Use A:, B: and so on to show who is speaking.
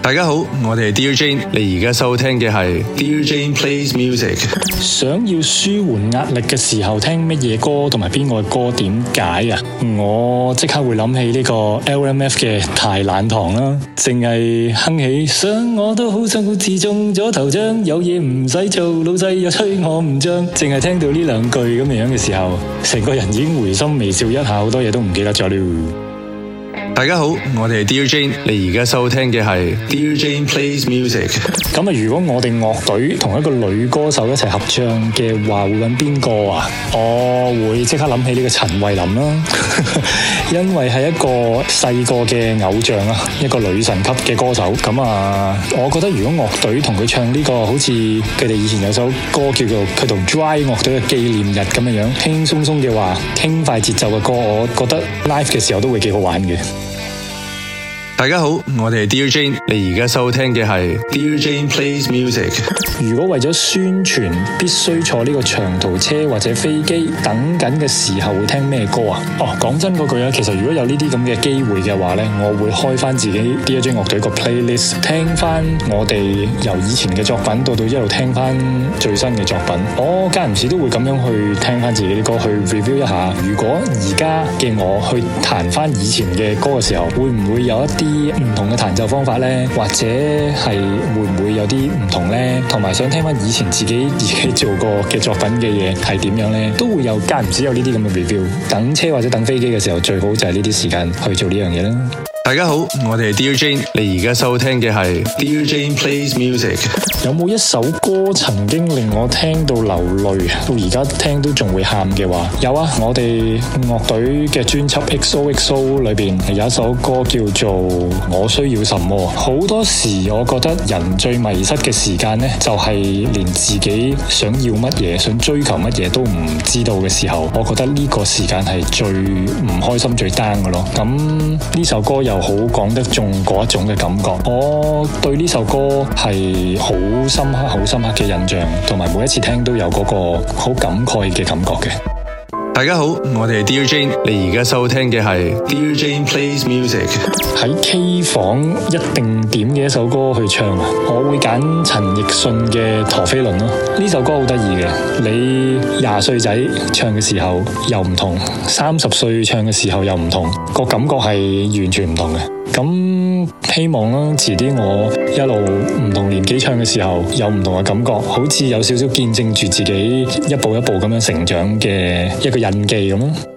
A: 大家好，我哋係 Dear Jane，你而家收聽嘅係 Dear Jane plays music。想要舒緩壓力嘅時候聽乜嘢歌同埋邊個嘅歌？點解啊？我即刻會諗起呢個 LMF 嘅大懶堂啦，淨係哼起，想我都好想好似中咗頭獎，有嘢唔使做，老細又吹我唔張，淨係聽到呢兩句咁樣嘅時候，成個人已經回心微笑一下，好多嘢都唔記得咗了。大家好，我哋係 Dear Jane，你而家收聽嘅係 Dear Jane Plays Music。咁啊，如果我哋樂隊同一個女歌手一齊合唱嘅話，會搵邊個啊？我會即刻諗起呢個陳慧琳啦， 因為係一個細個嘅偶像啊，一個女神級嘅歌手。咁啊，我覺得如果樂隊同佢唱呢、這個好似佢哋以前有首歌叫做《佢同 Dry 樂隊嘅紀念日》咁樣樣，輕鬆鬆嘅話，輕快節奏嘅歌，我覺得 live 嘅時候都會幾好玩嘅。大家好，我哋係 Dear Jane，你而家收聽嘅係 Dear Jane Plays Music。如果為咗宣傳，必須坐呢個長途車或者飛機等緊嘅時候，會聽咩歌啊？哦，講真句啊，其實如果有呢啲咁嘅機會嘅話咧，我會開翻自己 Dear Jane 樂隊個 playlist，聽翻我哋由以前嘅作品到到一路聽翻最新嘅作品。我間唔時都會咁樣去聽翻自己嘅歌，去 review 一下。如果而家嘅我去彈翻以前嘅歌嘅時候，會唔會有一啲啲唔同嘅彈奏方法呢，或者係會唔會有啲唔同呢？同埋想聽翻以前自己自己做過嘅作品嘅嘢係點樣呢？都會有，間唔止有呢啲咁嘅 review。等車或者等飛機嘅時候，最好就係呢啲時間去做呢樣嘢啦。大家好，我哋係 Dear Jane，你而家收聽嘅係 Dear Jane Plays Music。有冇一首歌曾經令我聽到流淚，到而家聽都仲會喊嘅話？有啊，我哋樂隊嘅專輯 X o X o《XO XO》裏邊有一首歌叫做《我需要什麼》。好多時我覺得人最迷失嘅時間咧，就係、是、連自己想要乜嘢、想追求乜嘢都唔知道嘅時候。我覺得呢個時間係最唔開心、最 down 嘅咯。咁呢首歌有。好講得中嗰一種嘅感覺，我對呢首歌係好深刻、好深刻嘅印象，同埋每一次聽都有嗰個好感慨嘅感覺嘅。大家好，我哋係 Dear Jane，你而家收聽嘅係 Dear Jane plays music。喺 K 房一定點嘅一首歌去唱啊，我會揀陳奕迅嘅《陀飛輪》咯。呢首歌好得意嘅，你廿歲仔唱嘅時候又唔同，三十歲唱嘅時候又唔同，個感覺係完全唔同嘅。咁希望啦，遲啲我一路唔同年紀唱嘅時候，有唔同嘅感覺，好似有少少見證住自己一步一步咁樣成長嘅一個印記咁。